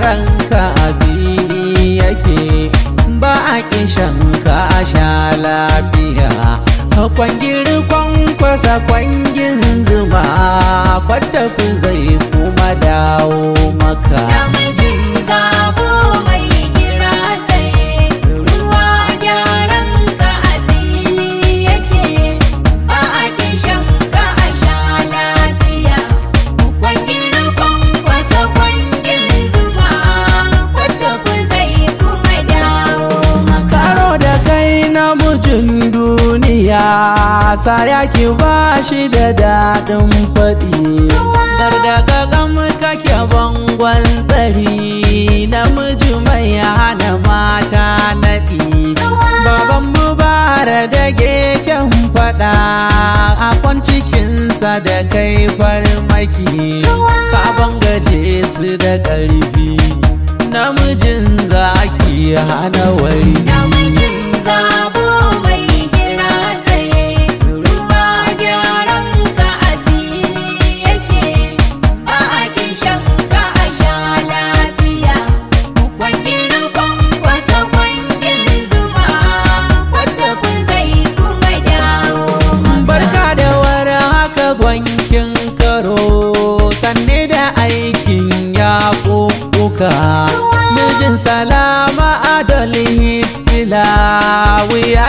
ranka abini yake ba a kishanka a sha lafiya kwan girkon kwasa ki ba shi da daɗin faɗi dar ga kake bangon tsari namiji mai hana mata naɗi baban mubara da keken faɗa a cikinsa da kai farmaki ka gaje su da ƙarfi namijin zaki hana wari namijin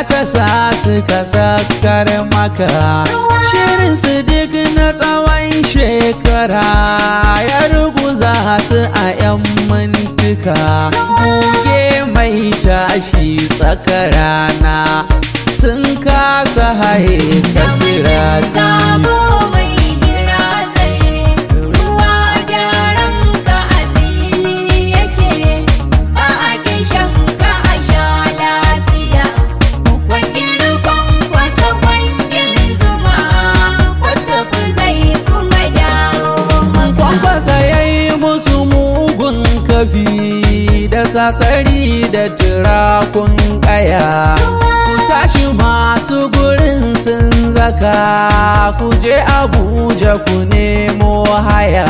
ta sa suka sakar maka shirin su duk na tsawon shekara ya ruguza su a 'yan mintika buge mai tashi tsakarana sun kasa haika hatsari da turakun kaya ku tashi masu gurin sun zaka ku je abuja ku nemo haya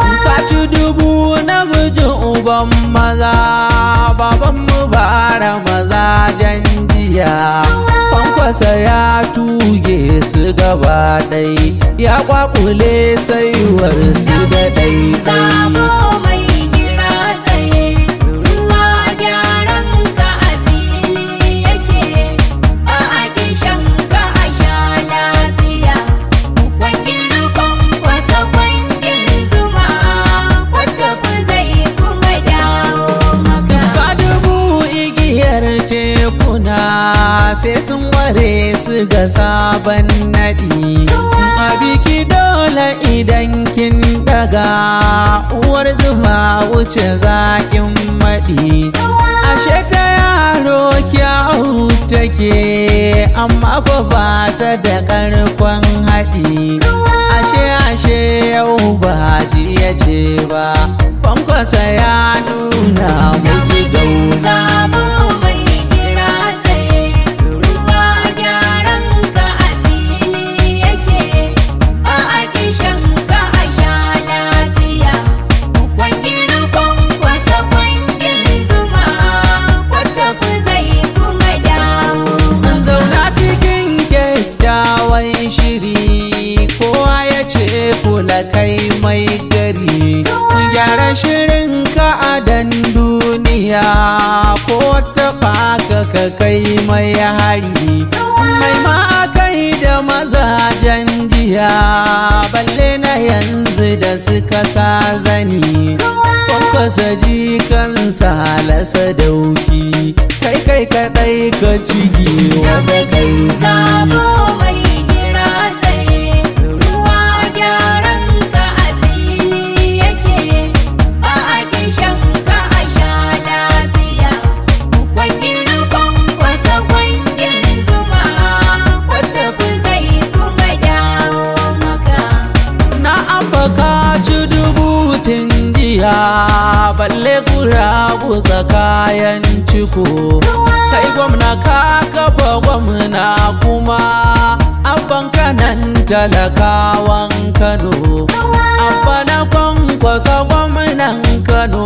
Ku tashi dubu na uban maza baban mu bara maza jan jiya kwankwasa ya tuge su gaba ɗai ya kwakule saiwar su da ɗai sai sun ware su ga sabon naɗi a biki dole idan kin daga uwar zuma wuce zaƙin maɗi ashe ta yaro kyau take amma ba ba ta da ƙarfin haɗi ashe ashe yau ba ya ce ba kwankwasa ya nuna musu gauza da suka sa zani kwakwasa jikansa halasa dauki kai kai kadai ka cigi wadda kai gwamnan Kano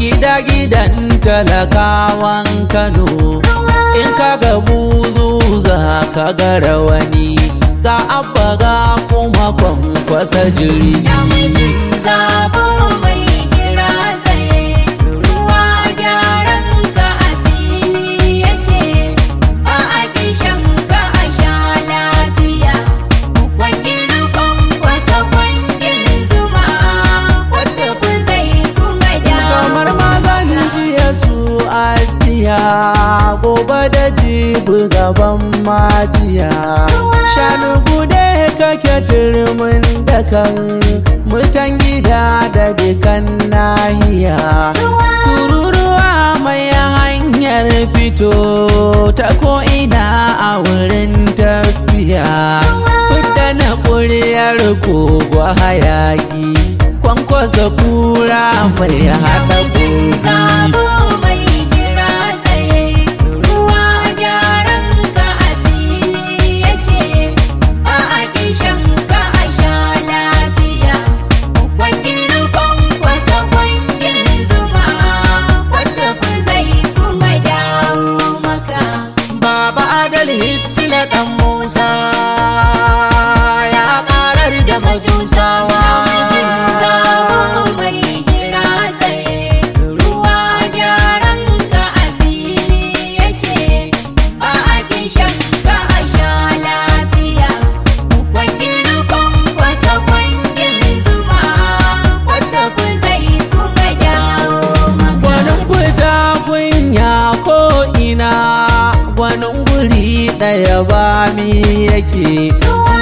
gida gidan talakawan Kano in ka ga buzu za ka ga rawani ga abba ga kuma kwankwasa jirgi. mai gaban majiya shanu gude kake turmin da kan mutan gida da dukan nahiya tururuwa mai hanyar fito ta ko'ina a wurin tafiya fita na ƙuriyar kogo hayaki kwankwasa kura mai haɗa kogi wuri ɗaya ba mi yake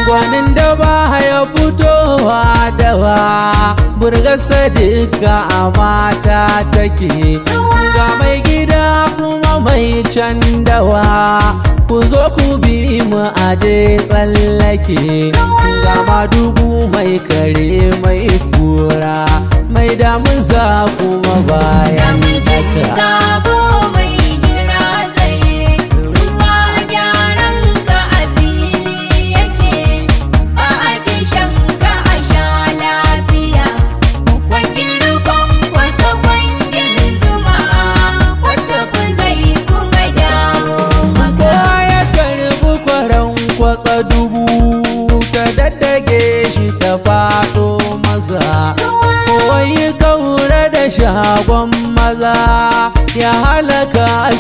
gwanin da ba ya fitowa da ba burga sadika a mata take ga mai gida kuma mai can dawa ku zo ku bi mu aje tsallake gama dubu mai kare mai kura mai damun za kuma bayan haka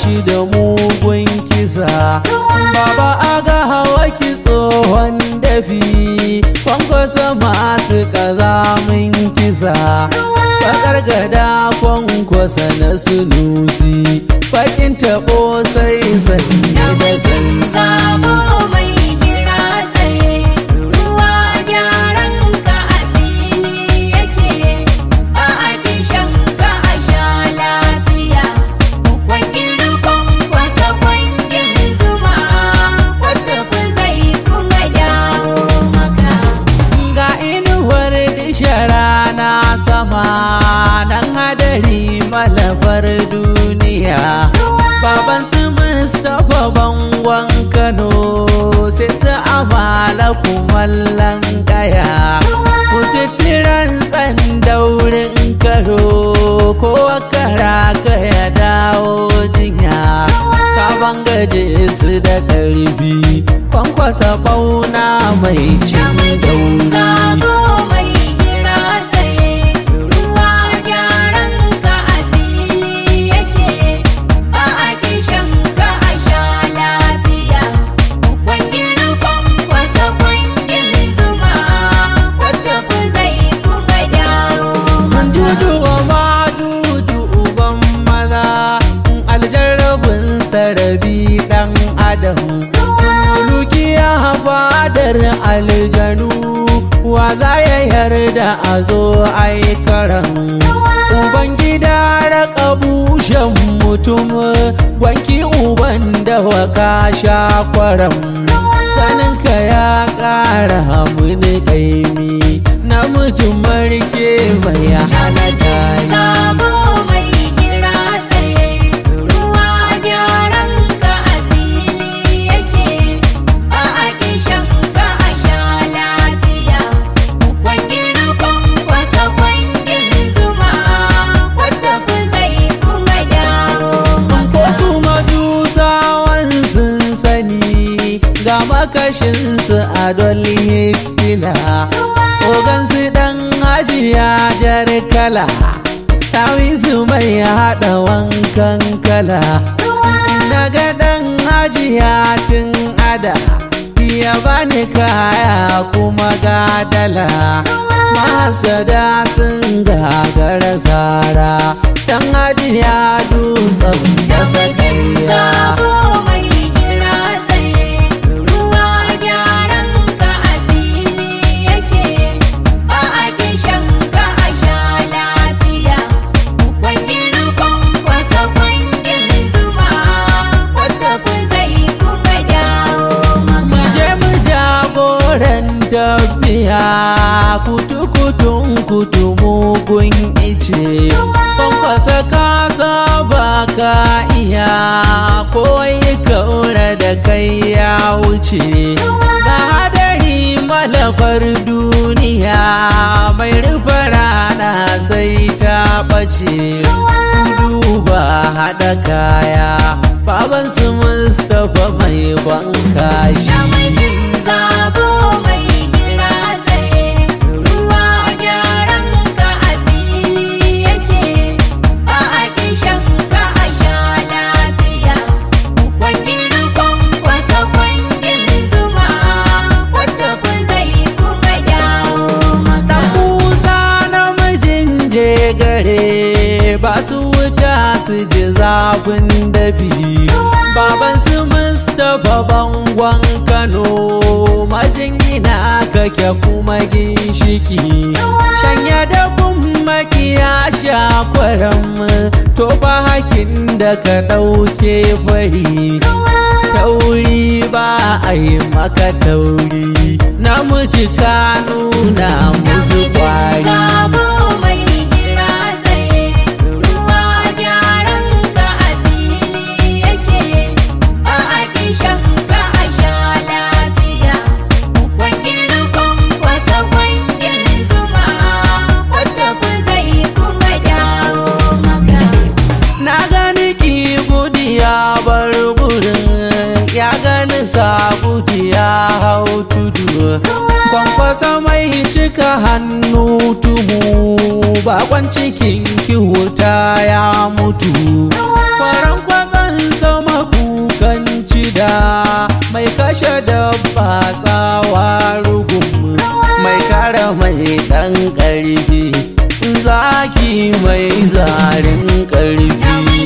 shi da mugun kisa baba aga hawa ki tsohon dafi kwankwasa masu ƙazamin kisa gada kwankwasa na sunusi bakin taɓo sai sai da sarabi ɗan adam dukiya fadar aljanu wa za ya yarda a zo aikaran ubangida raka bushen mutum gwanki uban da waka sha kwaram saninka ya ƙara mini ƙaimi mutum marke mai hana yi. rashin a dolly hittina ɗan su dan jar kala tawisu mai haɗa wankan kala daga gadon ajiya cin ada ya bani kaya kuma gadala da sun gagara sara dan hajiya dutsen ce da hadari malafar duniya mai rufe rana sai ta ɓace duba haɗa kaya babansu mustafa mai ban kashi sabon dabi baban su mustapha bangon kano majingina kake kuma ginshiki shanya da makiya shakwaran to ba hakin da ka ɗauke fari tauri ba a yi maka tauri namiji ka nuna musu kwari abuki ya hau tudu kwankwasa mai cika hannu tumu bakon cikin kihuta ya mutu faran kwazan sama kukan cida mai kashe dabba tsawa rugun mai kara mai dan karfi zaki mai zarin karfi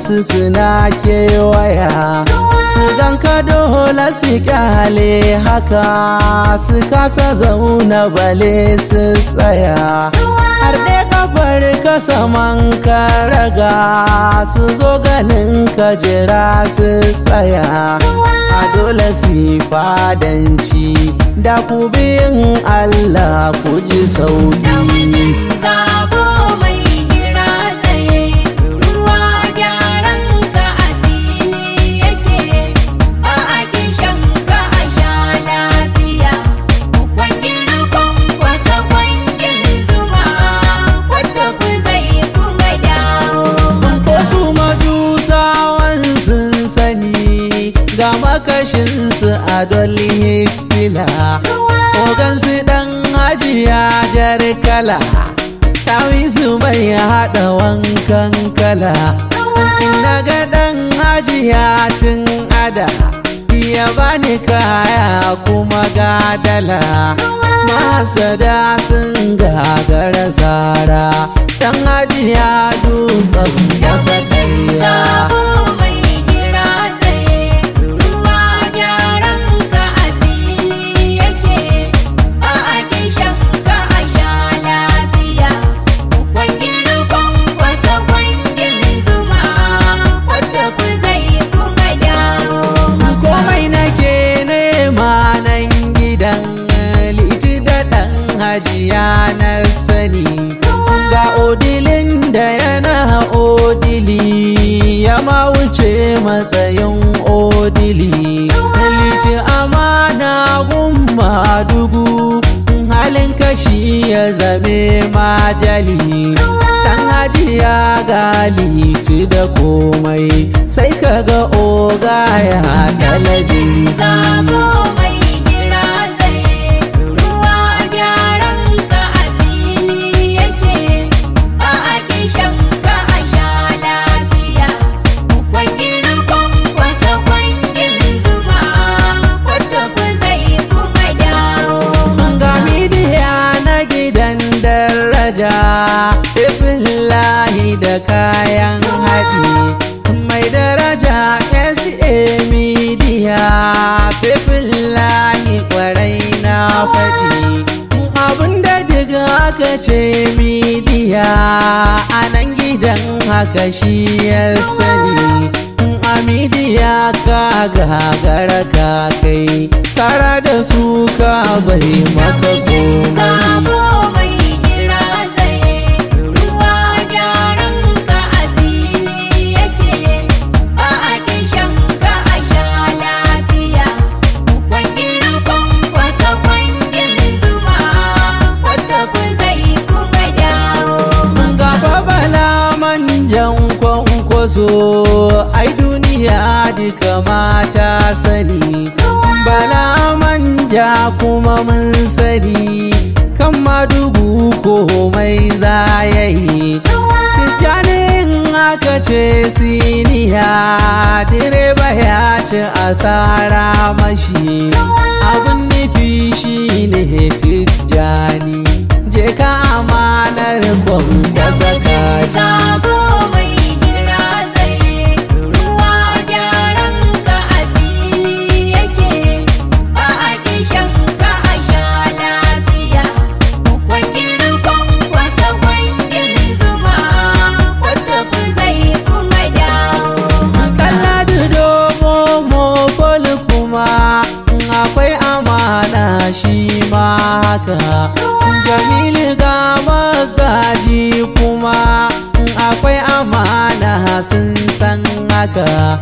su suna kewaya su ganka dole su kyale haka su kasa zauna bale su tsaya har dai kafar ka saman ka raga su zo ganin ka jira su tsaya a dole su fadanci da ku biyin Allah ku ji sauki. don lihifila ogan su dan hajiya jar kala tawisu bai haɗa wankan kala na ga dan hajiya tun ada ya bani kaya kuma gadala masada sun gagara sara dan hajiya dutsen ya ajali dan hajiya gali ci da komai sai kaga oga ya dalaji idan haka shi ya sani in amidi ya ka gagara ka kai tsara da su ka bai maka komai so ai duniya duka mata sani bala manja kuma mun sani kan madubu komai za ya tijjanin aka ce siniya direba ya ci asara mashi abin nufi shi ne tijjani je ka amanar gwamnati haka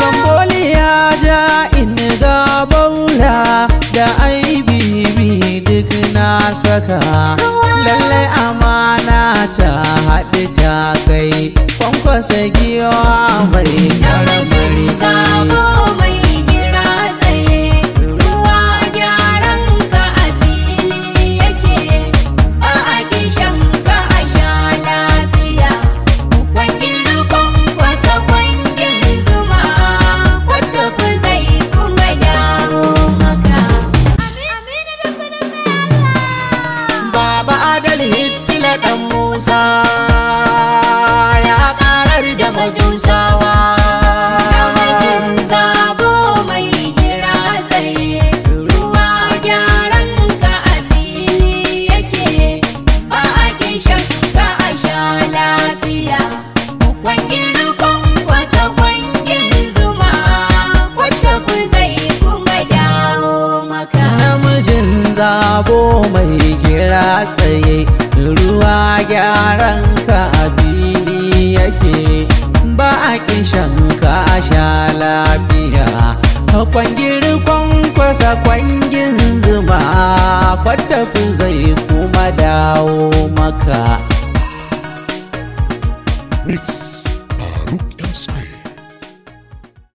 gamboli ya ja in ga baula da aibibi duk na saka lallai amana ta haɗu ta kai kwankwasa giyawa mai karamar